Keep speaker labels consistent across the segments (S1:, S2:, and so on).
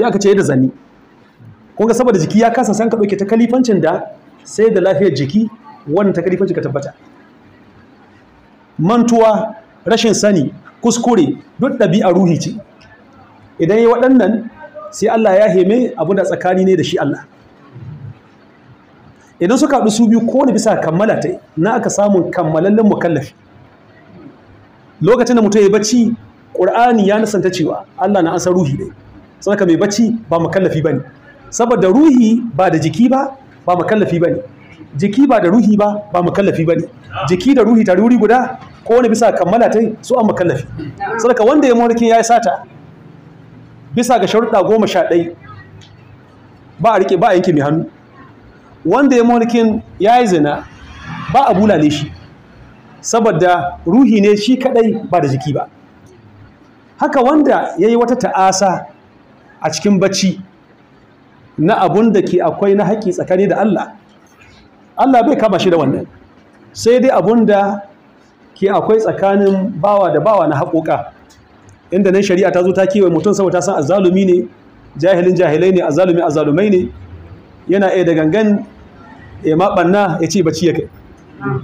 S1: sai aka ce da zani kun saboda jiki ya kasa san ka ta kalifancin da sai da lafiyar jiki wannan ta kalifancin ka tabbata mantuwa rashin sani kuskure duk ɗabi'a ruhi ce idan yi waɗannan sai Allah ya heme abu da tsakani ne da shi Allah idan suka haɗu su biyu kowane bisa kammala ta na aka samun kammalallen mukallafi lokacin da mutum ya bacci ƙur'ani ya nasanta cewa Allah na ansa ruhi ne. saboda mai bacci ba makallafi ne saboda ruhi ba da jiki ba ba makallafi ne. jiki ba da ruhi ba ba makallafi ne. jiki da ruhi tare wuri guda ko wani bisa kammala ta su an makallafi saboda wanda ya mawarki ya yi sata bisa ga sharuɗa goma sha ɗai ba a rike ba a yanke mai hannu wanda ya mawarki ya yi zina ba a bulale shi saboda ruhi ne shi kaɗai ba da jiki ba haka wanda ya yi wata ta'asa a cikin bacci na abun da ke akwai na haƙƙi tsakani da Allah Allah bai kama shi da wannan sai dai abun da ke akwai tsakanin bawa da bawa na haƙoƙa inda nan shari'a ta zo ta kewaye mutum saboda ta san azzalumi ne jahilin jahilai ne azzalumi azzalumai ne yana iya da gangan ya maɓanna ya ce bacci ya kai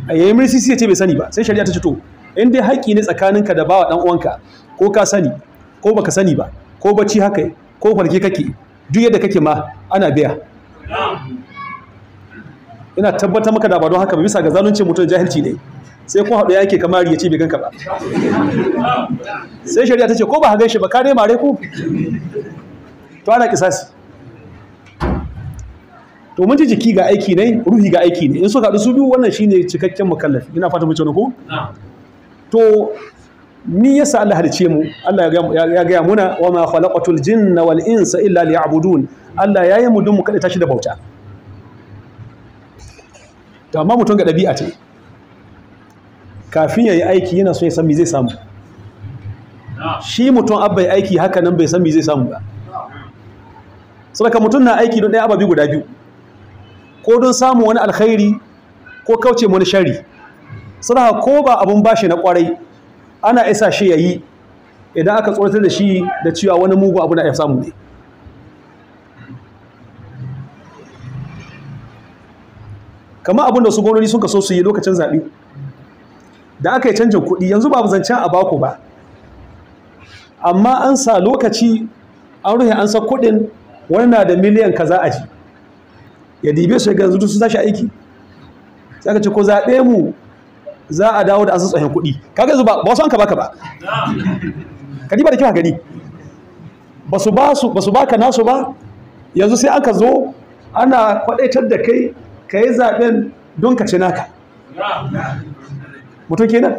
S1: a yayin mirsisi ya ce bai sani ba sai shari'a ta ce to in dai haƙƙi ne tsakaninka da bawa ɗan uwanka ko ka sani ko baka sani ba ko bacci haka ko kwanaki kake duk yadda kake ma ana biya ina tabbatar maka da ba don haka ba bisa ga zalunci mutum jahilci ne sai kun haɗu yake kamar ya ce bai ganka ba sai shari'a ta ce ko ba hagan shi ba kare mare ku to ana kisasi to mun ji jiki ga aiki ne ruhi ga aiki ne in suka haɗu su biyu wannan shine cikakken mukallafi ina fata mace ko to ni yasa Allah halice mu Allah ya gaya muna wa ma khalaqatul jinna wal insa illa liya'budun Allah ya yi mu dun mu kada tashi da bauta to amma mutum ga dabi'a ce kafin yayi aiki yana so ya san me zai samu shi mutum abba ya aiki haka nan bai san me zai samu ba sadaka mutum na aiki don ɗaya ababi guda biyu ko don samu wani alkhairi ko kauce wani shari sadaka ko ba abun bashi na kwarai ana isa shi ya yi idan aka tsoratar da shi da cewa wani mugu abu na ya samu ne kama abin da su gwamnoni sun so su yi lokacin zaɓe da aka yi canjin kuɗi yanzu babu zancen a bako ba amma an sa lokaci an ruhe an sa kuɗin wani na da miliyan kaza a ji ya dibe su ga yanzu su sashi aiki sai aka ce ko zaɓe mu za a dawo da asusu tsohon kuɗi kaga yanzu ba wasu an ka baka ba ka ba da kyau gani ba su ba ka nasu ba yanzu sai aka zo ana kwadaitar da kai ka yi zaɓen don ka ce naka mutum kenan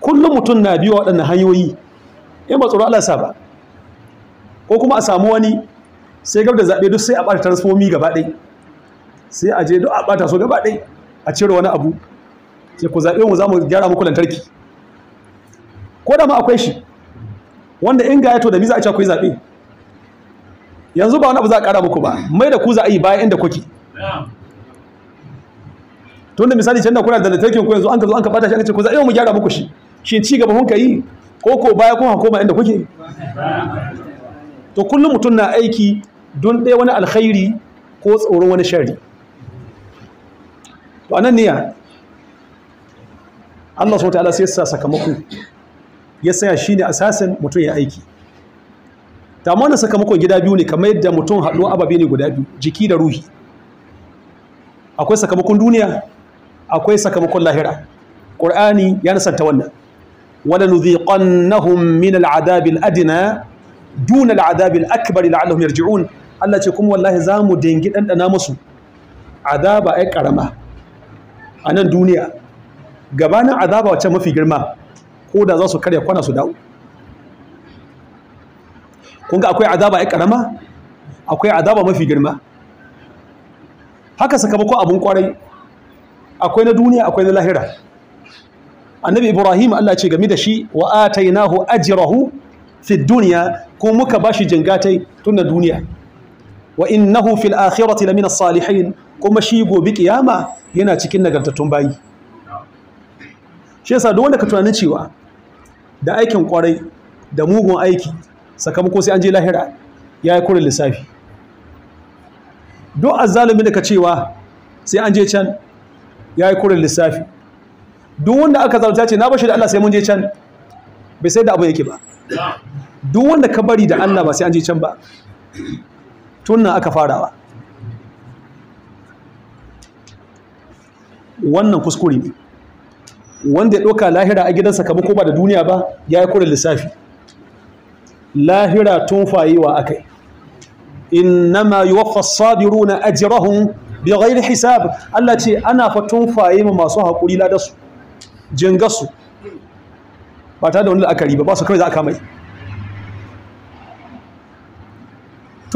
S1: kullum mutum na biyo waɗannan hanyoyi in ba tsoron alasa ba ko kuma a samu wani sai gab da zaɓe duk sai a ɓata transformi gaba ɗaya sai a je duk a bata so gaba ɗai a cire wani abu sai ku zaɓe mu za mu gyara muku lantarki ko da ma akwai shi wanda in gayato da miza a ce akwai zaɓe yanzu ba wani abu za a ƙara muku ba mai da ku za a yi bayan inda kuke tun da misali can da kuna da lantarkin ku yanzu an ka zo an ka bata shi an ce ku zaɓe mu gyara muku shi shin ci gaba kun ka yi ko ko baya kun hakoma inda kuke to kullum mutum na aiki don ɗaya wani alkhairi ko tsoron wani shari to anan niyya Allah subhanahu sai ya sa sakamako ya saya shi ne asasin mutum ya aiki ta wannan sakamakon gida biyu ne kamar yadda mutum haɗuwa ababe ne guda biyu jiki da ruhi akwai sakamakon duniya akwai sakamakon lahira ƙur'ani ya nasanta wannan wala nudhiqannahum min al'adabi al'adna dun al'adabi al'akbar la'allahum yarji'un Allah ce kuma wallahi zamu dangi ɗanɗana musu azaba ai karama a nan duniya gabanin azaba wacce mafi girma ko da za su karya kwana su dawo kun ga akwai azaba ya karama akwai azaba mafi girma haka sakamakon abin kwarai akwai na duniya akwai na lahira annabi ibrahim allah ce game da shi wa atainahu ajrahu fi ko muka bashi jingatai tun na duniya wa innahu fil akhirati lamina salihin kuma shi gobe kiyama yana cikin nagartattun bayi shi yasa duk wanda ka tunani cewa da aikin kwarai da mugun aiki sakamako sai an je lahira ya yi kurin lissafi duk azzalumi da ka cewa sai an je can ya yi kurin lissafi duk wanda aka zalunta ce na bashi da Allah sai mun je can bai sai da abu yake ba duk wanda ka bari da Allah ba sai an je can ba tun nan aka farawa wannan kuskure ne wanda ya ɗauka lahira a gidansa kama ko ba da duniya ba ya yi kurin lissafi lahira tun fayewa akai innama yuwaffa sabiruna ajrahum bighairi hisab Allah ce ana fa tun faye ma masu hakuri ladasu jingasu ba tare da wani la'akari ba ba su kawai za a kama yi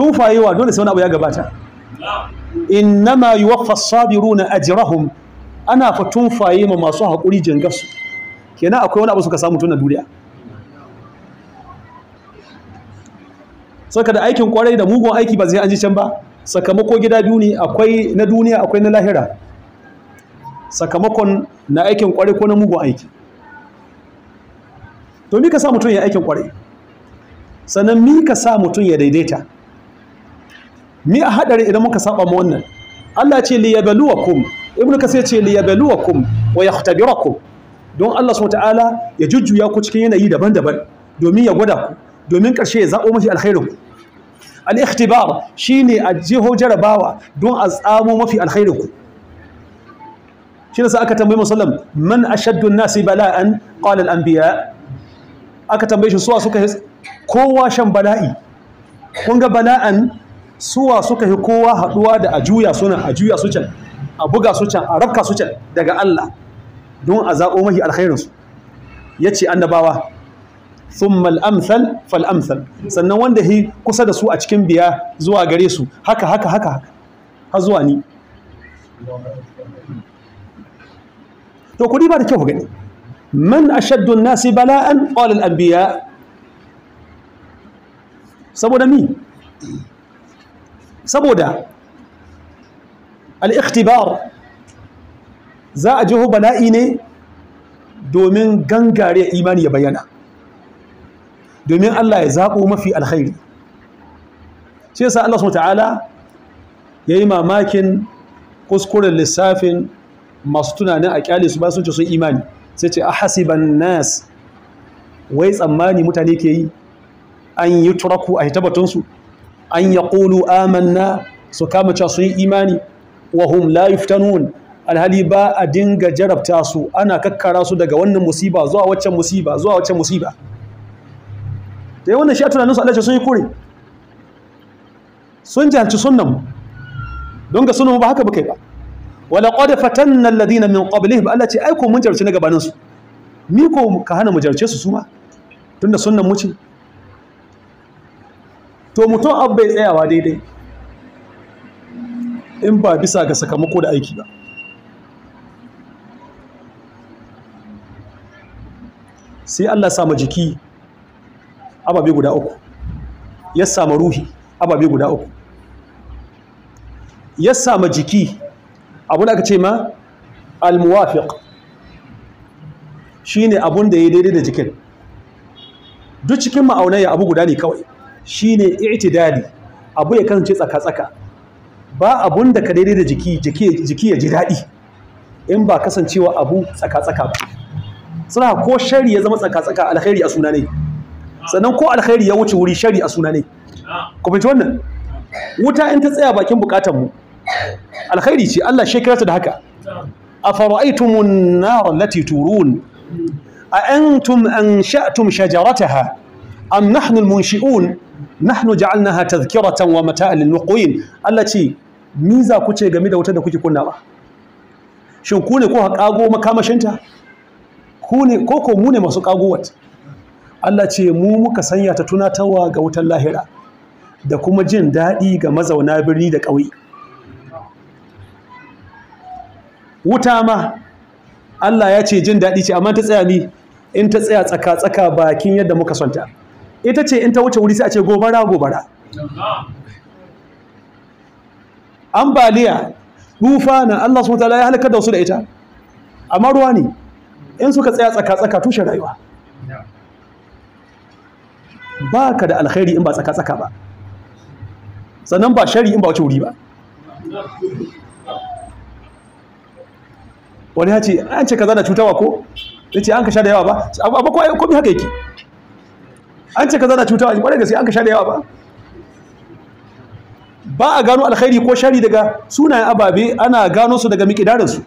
S1: tufayewa dole sai wani abu ya gabata innama yuwaffa sabiruna ajrahum ana fa tunfaye ma masu haƙuri jangarsu kenan akwai wani abu suka samu tun na duniya saka da aikin kwarai da mugun aiki ba zai an ji can ba sakamako gida biyu ne akwai na duniya akwai na lahira sakamakon na aikin kwarai ko na mugun aiki to mi ka sa mutum ya aikin kwarai sannan mi ka sa mutum ya daidaita mi a hadari idan muka saba mu wannan Allah ce li yabluwakum ibnu kasir ce li yabluwakum wa yahtabirakum don Allah subhanahu ta'ala ya jujjuya ku cikin yanayi daban-daban domin ya gwada ku domin karshe ya zabo mafi alkhairin ku al-ikhtibar shine a jiho jarabawa don a tsamo mafi alkhairin ku shi ne sa aka tambayi musallam man ashaddu nasi bala'an qala al-anbiya aka tambaye shi suwa suka kowa shan bala'i kun ga bala'an suwa suka yi kowa haɗuwa da a juya suna a juya su can a buga su can a rabka su can daga Allah don a zaɓo mahi alkhairinsu ya ce annabawa Sun al-amthal fal sannan wanda yi kusa da su a cikin biya zuwa gare su haka haka haka haka har zuwa ni to kudi ba da kyau gani man ashaddun an-nasi bala'an qala anbiya saboda mi saboda al'iktibar za a jiho bala'i ne domin gangare imani ya bayyana domin Allah ya zaɓo mafi alkhairi shi yasa Allah subhanahu ta'ala ya yi mamakin kuskuren lissafin masu tunanin a kyale su ba sun ce sun imani sai ce a hasiban nas wai tsammani mutane ke yi an yi turaku a hitabatunsu an ya ƙulu amanna su kama cewa sun yi imani wa hum alhali ba a dinga jarabta su ana kakkara su daga wannan musiba zuwa waccan musiba zuwa waccan musiba da yawan shi a tunanin su Allah ce sun yi kure sun jihanci sunan don ga sunan ba haka ba kai ba wala qad na alladhina min qablihim Allah ce ai ko mun jarce na gabaninsu? su ni ko ka hana mu jarce su su ma tunda sunan mu ce to mutum abu bai tsayawa daidai in ba bisa ga sakamako da aiki ba sai Allah sama jiki ababe guda uku ya sama ruhi ababe guda uku ya sama jiki abun da aka ce ma almuwafiq shine abun da ya daidai da jikin duk cikin ma'aunai abu guda ne kawai shine i'tidali abu ya kasance tsaka-tsaka ba abun da ka daidai da jiki jiki ya ji daɗi in ba kasancewa abu tsaka-tsaka ba suna ko shari ya zama tsaka-tsaka alkhairi a suna ne sannan ko alkhairi ya wuce wuri shari a suna ne ku fahimci wannan wuta in ta tsaya bakin bukatan mu alkhairi ce Allah shekara da haka afara'aytumun nar allati turun a antum ansha'tum shajarataha am nahnu al-munshi'un nahnu ja'alnaha tadhkiratan wa mata'an lil-muqwin Allah ce ni za ku ce game da wutar da kuke kunna shin ku ne ko ka kago makamashinta ku ne masu kago Allah ce mu muka sanya ta tawa ga wutar lahira da kuma jin daɗi ga mazauna birni da ƙauye wuta ma Allah ya ce jin daɗi ce amma ta tsaya in ta tsaya tsaka-tsaka bakin yadda muka sonta. ita ce in ta wuce wuri sai a ce gobara gobara ambaliya rufa na Allah subhanahu wataala ya halakar da su da ita amma ruwa ne in suka tsaya tsaka tsaka tushen rayuwa ba ka da alkhairi in ba tsaka tsaka ba sannan ba shari in ba wuce wuri ba wani ya ce an ce kaza na cutawa ko ya ce an ka sha da yawa ba abu ko haka yake an ce kaza na cuta a kwarai da sai an ka sha da yawa ba ba a gano alkhairi ko shari daga sunayen ababe ana gano su daga miƙidarin su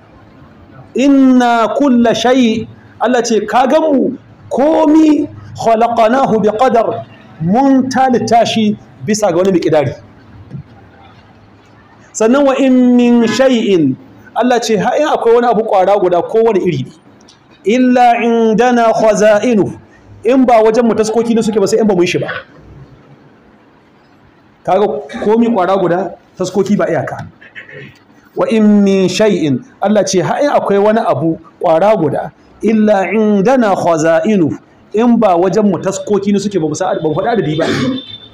S1: inna kulla shayi Allah ce ka gan mu komi khalaqanahu bi qadar mun talita shi bisa ga wani mikidari sannan wa in min shay'in Allah ce ha in akwai wani abu ƙwara guda kowane wani iri illa indana khaza'inu in ba wajen mu taskoki ne suke ba sai in ba mun shi ba kaga komi kwara guda taskoki ba iyaka wa in min shay'in Allah ce ha in akwai wani abu kwara guda illa indana khaza'inu in ba wajen mu taskoki ne suke ba mu sa'ad ba mu fada da ba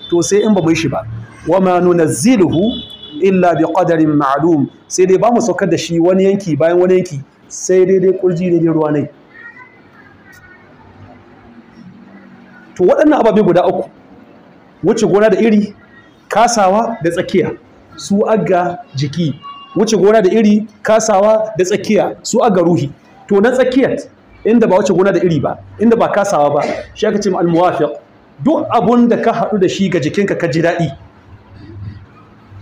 S1: to sai in ba mun shi ba wa ma nunazziluhu illa bi qadarin ma'lum sai dai ba mu saukar da shi wani yanki bayan wani yanki sai dai dai kurji ne dai ruwa ne to waɗannan ababe guda uku wuce gona da iri kasawa da tsakiya su aga jiki wuce gona da iri kasawa da tsakiya su aga ruhi to na tsakiyar inda ba wuce gona da iri ba inda ba kasawa ba shi aka ce al duk abun da ka haɗu da shi ga jikinka ka ji daɗi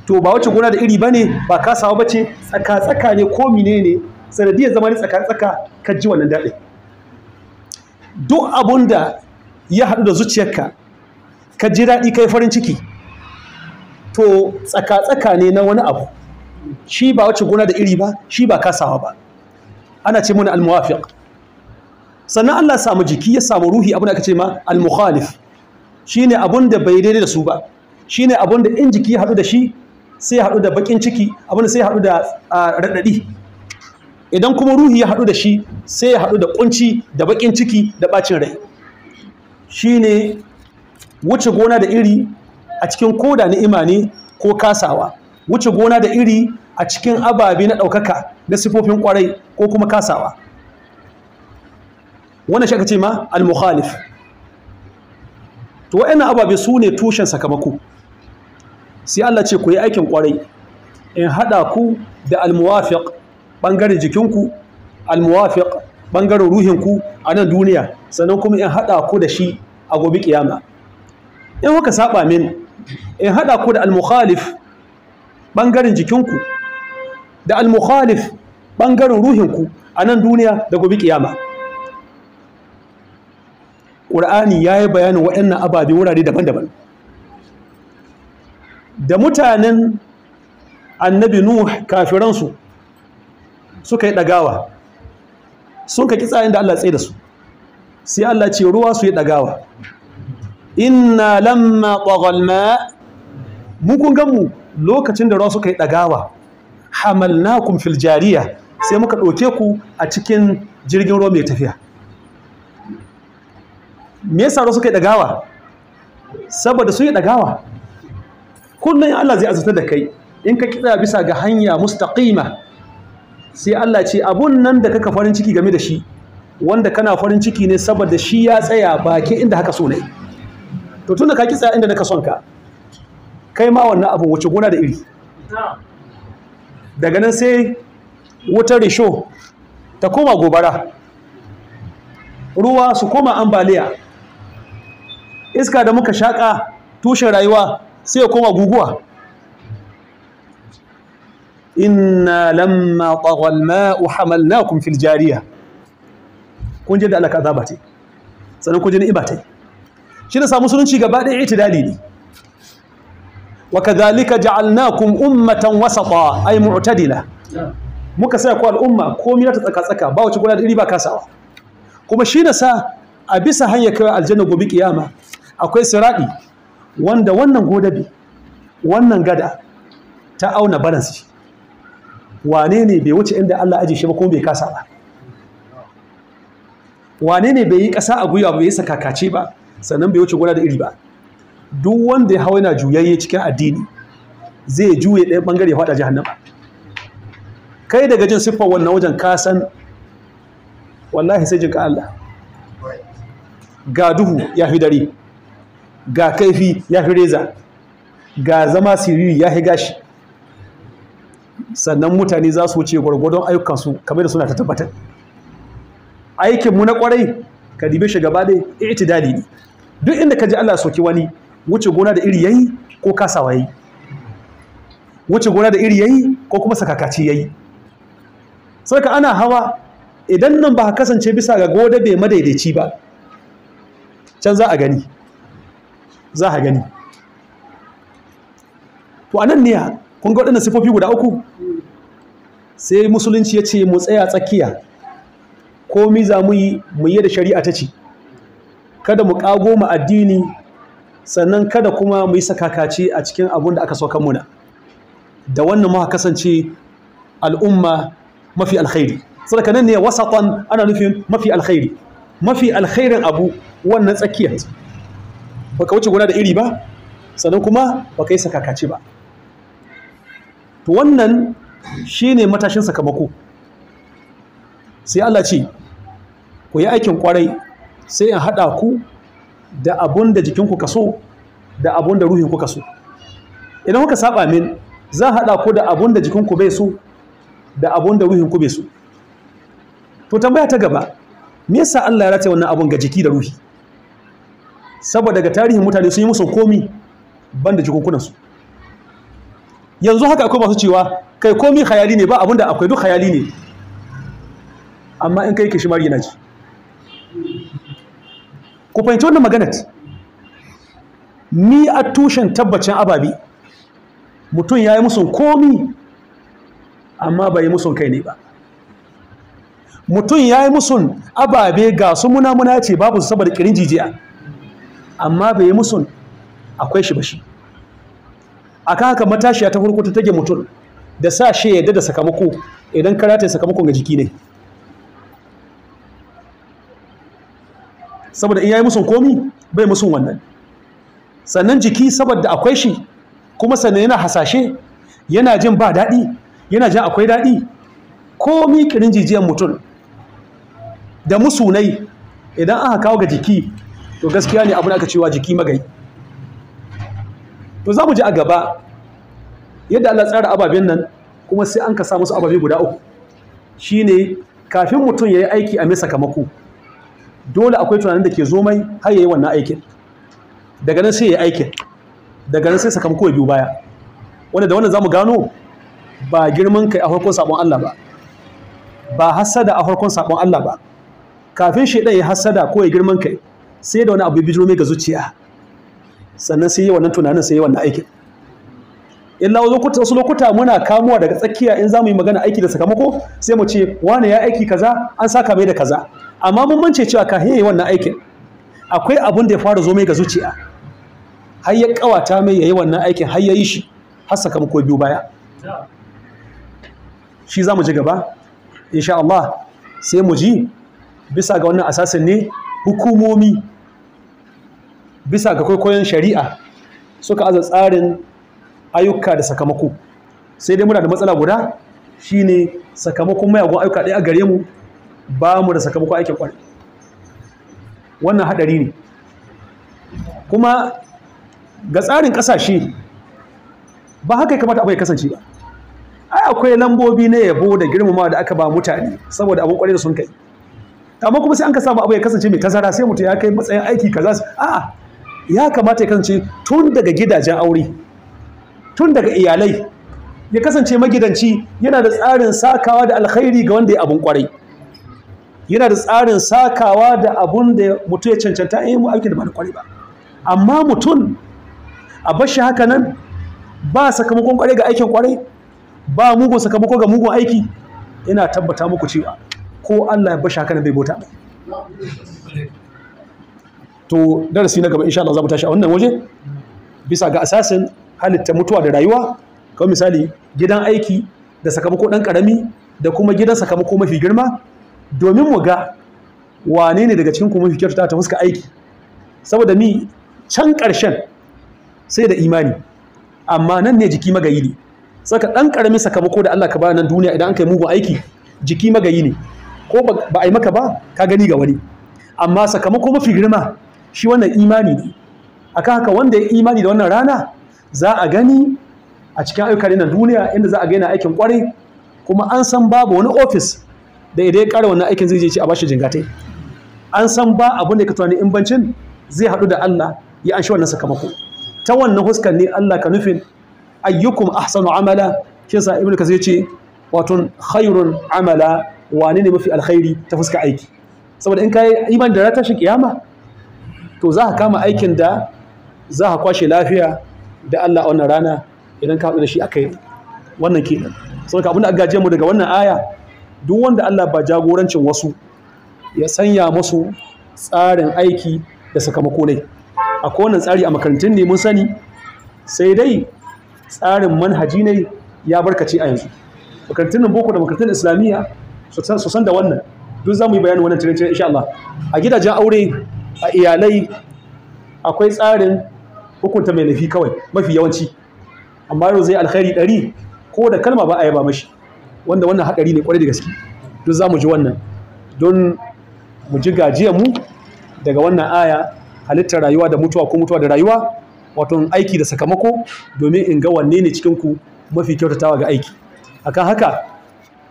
S1: to ba wuce gona da iri bane ba kasawa bace tsaka tsaka ne ko menene sanadiyar zama ne tsaka tsaka ka ji wannan daɗi? duk abun da ya haɗu da zuciyarka ka ji daɗi kai farin ciki to tsaka-tsaka ne na wani abu shi ba wacce gona da iri ba shi ba kasawa ba ana ce muna almuwafiq sannan Allah samu jiki ya samu ruhi abin da aka ce ma almuhalif Shi ne abun da bai daidai da su ba Shi ne abun da in jiki ya haɗu da shi sai ya haɗu da bakin ciki abin da sai ya haɗu da raɗaɗi idan kuma ruhi ya haɗu da shi sai ya haɗu da kunci da bakin ciki da ɓacin rai Shi ne wuce gona da iri a cikin koda ni'ima ne ko kasawa wuce gona da iri a cikin ababe na ɗaukaka na sifofin ƙwarai ko kuma kasawa wannan shi aka ce ma al-mukhalif to wa'annan ababe su ne tushen sakamako sai Allah ce ku yi aikin ƙwarai in haɗa ku da al-muwafiq ɓangaren jikinku al-muwafiq bangaren ruhinku a nan duniya sannan kuma in haɗa ku da shi a gobe kiyama in kuka saba min in haɗa ku da al-mukhalif ɓangaren jikinku da al-mukhalif ɓangaren ruhinku a nan duniya da gobe kiyama ƙur'ani ya yi bayanin waɗannan ababe wurare daban-daban da mutanen annabi nuh kafiransu suka yi ɗagawa sun ka tsayin da Allah tsaye da su sai Allah ce ruwa su yi ɗagawa inna lamma ƙwaƙwalma. ma mu kun mu lokacin da ruwa suka yi ɗagawa hamalnakum fil jariya sai muka ɗauke ku a cikin jirgin ruwa mai tafiya me yasa ruwa suka yi ɗagawa saboda sun yi ɗagawa kullum Allah zai azuta da kai in ka kitsa bisa ga hanya mustaqima sai Allah ce abun nan da kaka farin ciki game da shi wanda kana farin ciki ne saboda shi ya tsaya baki inda haka so ne to tunda ka kitsa inda naka son ka kai ma wannan abu wuce gona da iri daga nan sai wutar risho ta koma gobara ruwa su koma ambaliya iska da muka shaƙa tushen rayuwa sai ya koma guguwa inna lamma tagwal ma'u hamalnakum fil jariya kun ji da Allah ka azaba ce sannan kun ji iba ta shi da sa musulunci gaba ɗaya dali ne wa kadhalika ja'alnakum ummatan wasata ay mu'tadila muka sa ku al'umma komai ta tsaka tsaka ba wacce guda da iri ba kasawa kuma shi da sa a bisa hanyar kai aljanna gobe kiyama akwai siradi wanda wannan godabi wannan gada ta auna balance wane ne bai wuce inda Allah aje shi ba kuma bai kasa ba wane ne bai yi kasa a gwiwa bai yi sakakace ba sannan bai wuce guda da iri ba duk wanda ya hawa yana juyayye cikin addini zai juye ɗaya ɓangare ya faɗa jahannama kai daga jin siffar wannan wajen ka san wallahi sai jinka Allah ga duhu ya fi dare ga kaifi ya fi reza ga zama siriri ya fi gashi sannan mutane za su wuce gwargwadon ayyukansu kamar da suna ta tabbatar aikinmu na kwarai ka dibe shi gaba dai itidali ne duk inda ka ji Allah soki wani wuce gona da iri yayi ko kasawa yayi wuce gona da iri yayi ko kuma sakakaci yayi sai ka ana hawa idan nan ba kasance bisa ga goda bai madaidaici ba can za a gani za a gani to anan ne kun ga waɗannan sifofi guda uku sai musulunci ya ce mu tsaya tsakiya komi za mu yi mu yi da shari'a ta ce kada mu ƙago mu addini sannan kada kuma mu yi sakakaci a cikin abun da aka saukan muna da wannan muka kasance al'umma mafi alkhairi sadaka nan ne wasatan ana nufin mafi alkhairi mafi alkhairin abu wannan tsakiyar baka wuce guda da iri ba sannan kuma baka yi sakakace ba to wannan shi ne matashin sakamako sai Allah ce ku yi aikin kwarai sai in haɗa ku da abun da jikinku kaso da abun da ruhinku kaso idan kuka saba min za haɗa ku da abun da jikinku bai so da abun da ruhinku bai so to tambaya ta gaba me yasa Allah ya rataye wannan abun ga jiki da ruhi saboda daga tarihin mutane sun yi musu komi banda da jikunkunansu yanzu haka akwai masu cewa kai komi hayali ne ba abinda akwai duk hayali ne amma in kai kishimar yana ji ku fahimci wannan maganat ni a tushen tabbacin ababi mutum ya yi musu komi amma bai yi musun kai ne ba mutum ya yi musun ababe ga su muna muna ce babu su saboda kirin jijiya amma bai yi musun akwai shi ba shi aka haka matashiya ta farko ta tage mutum da sa shi yadda da sakamako idan karata sakamakon ga jiki ne saboda in yayi musun komi bai musun wannan sannan jiki saboda akwai shi kuma sannan yana hasashe yana jin ba daɗi yana jin akwai daɗi komi kirin jijiyan mutum da musunai idan aka kawo ga jiki to gaskiya ne abin aka cewa jiki magai to za mu ji a gaba yadda Allah tsara ababen nan kuma sai an ka sa musu ababe guda uku shine kafin mutum ya yi aiki a mai sakamako dole akwai tunanin da ke zo mai har ya yi wannan aikin daga nan sai ya yi aikin daga nan sai sakamako ya biyu baya wanda da wannan za mu gano ba girman kai a farkon sabon Allah ba ba hasada a farkon sabon Allah ba kafin shaidan ya hasada ko ya girman kai sai da wani abu bijiro mai ga zuciya sannan sai yi wannan tunanin sai yi wannan aikin illa wasu lokuta muna kamuwa daga tsakiya in za mu yi magana aiki da sakamako sai mu ce wane ya aiki kaza an saka mai da kaza amma mun mance cewa ka yi wannan aikin akwai abun da ya fara zo mai ga zuciya har ya kawata mai yayi wannan aikin har ya yi shi har sakamako biyu baya shi za mu ji gaba insha Allah sai mu ji bisa ga wannan asasin ne hukumomi bisa ga kwaikwayon shari'a suka aza tsarin ayyuka da sakamako sai dai muna da matsala guda shine sakamakon mayagun ayyuka ɗaya a gare mu ba mu da sakamakon aikin kwarai wannan haɗari ne kuma ga tsarin ƙasashe ba haka ya kamata abu ya kasance ba ai akwai lambobi na yabo da girmama da aka ba mutane saboda abin kwarai da sun kai amma kuma sai an ka samu abu ya kasance mai tazara sai mutum ya kai matsayin aiki kaza a'a ya kamata ya kasance tun daga gidajen aure tun daga iyalai ya kasance magidanci yana da tsarin sakawa da alkhairi ga wanda ya abun kwarai yana da tsarin sakawa da abun da mutum ya cancanta a yi mu aiki da ba kwarai ba amma mutum a bashi haka nan ba sakamakon kwarai ga aikin kwarai ba mugun sakamako ga mugun aiki yana tabbata muku cewa ko Allah ya bashi haka nan bai bota to darasi na gaba insha Allah za mu tashi a wannan waje bisa ga asasin halitta mutuwa da rayuwa kamar misali gidan aiki da sakamako dan karami da kuma gidan sakamako mafi girma domin mu ga wane ne daga cikin ku mafi ta fuska aiki saboda mi can karshen sai da imani amma nan ne jiki magayi ne saka ɗan ƙaramin sakamako da Allah ka ba nan duniya idan an kai mugun aiki jiki magayi ne ko ba a yi maka ba ka gani ga wani amma sakamako mafi girma shi wannan imani ne kan haka wanda ya imani da wannan rana za a gani a cikin ayyukan na duniya inda za a gaina aikin kwarai kuma an san babu wani ofis da idan ya kara wannan aikin zai je ci a bashi jingatai an san ba abin da ka tunani in bancin zai haɗu da Allah ya anshi wannan sakamako ta wannan huskan ne Allah ka nufin ayyukum ahsanu amala shi yasa ibnu zai ce wato khairun amala wane ne mafi alkhairi ta fuska aiki saboda in kai iman da ratashin kiyama to za ka kama aikin da za ka kwashe lafiya da Allah a wannan rana idan ka haɗu da shi aka yi wannan ke saboda abin da aka mu daga wannan aya duk wanda Allah ba jagorancin wasu ya sanya musu tsarin aiki da sakamako ne akwai wannan tsari a makarantun ne mun sani sai dai tsarin manhaji ne ya barkace a yanzu makarantun nan boko da makarantun islamiyya su san da wannan duk za mu yi bayanin wannan tare insha Allah a gidajen aure a iyalai akwai tsarin hukunta mai nufi kawai mafi yawanci amma yau zai alkhairi ɗari ko da kalma ba a yaba mashi wanda wannan haɗari ne kwarai da gaske duk za mu ji wannan don mu ji gajiyar mu daga wannan aya halittar rayuwa da mutuwa ko mutuwa da rayuwa wato aiki da sakamako domin in ga wanne ne cikin ku mafi kyautatawa ga aiki akan haka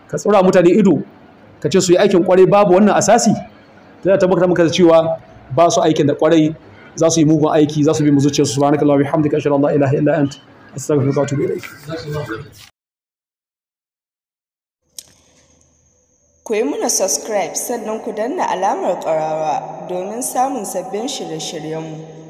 S1: ka tsura mutane ido ka ce su yi aikin kwarai babu wannan asasi tana tabbata maka da cewa ba su aikin da kwarai za su yi mugun aiki za su bi mu zuciyarsu subhanakallahu bihamdika ashhadu an la ilaha illa anta astaghfiruka wa atubu ilaik ku yi muna subscribe sannan ku danna alamar ƙarawa domin samun sabbin shirye-shiryenmu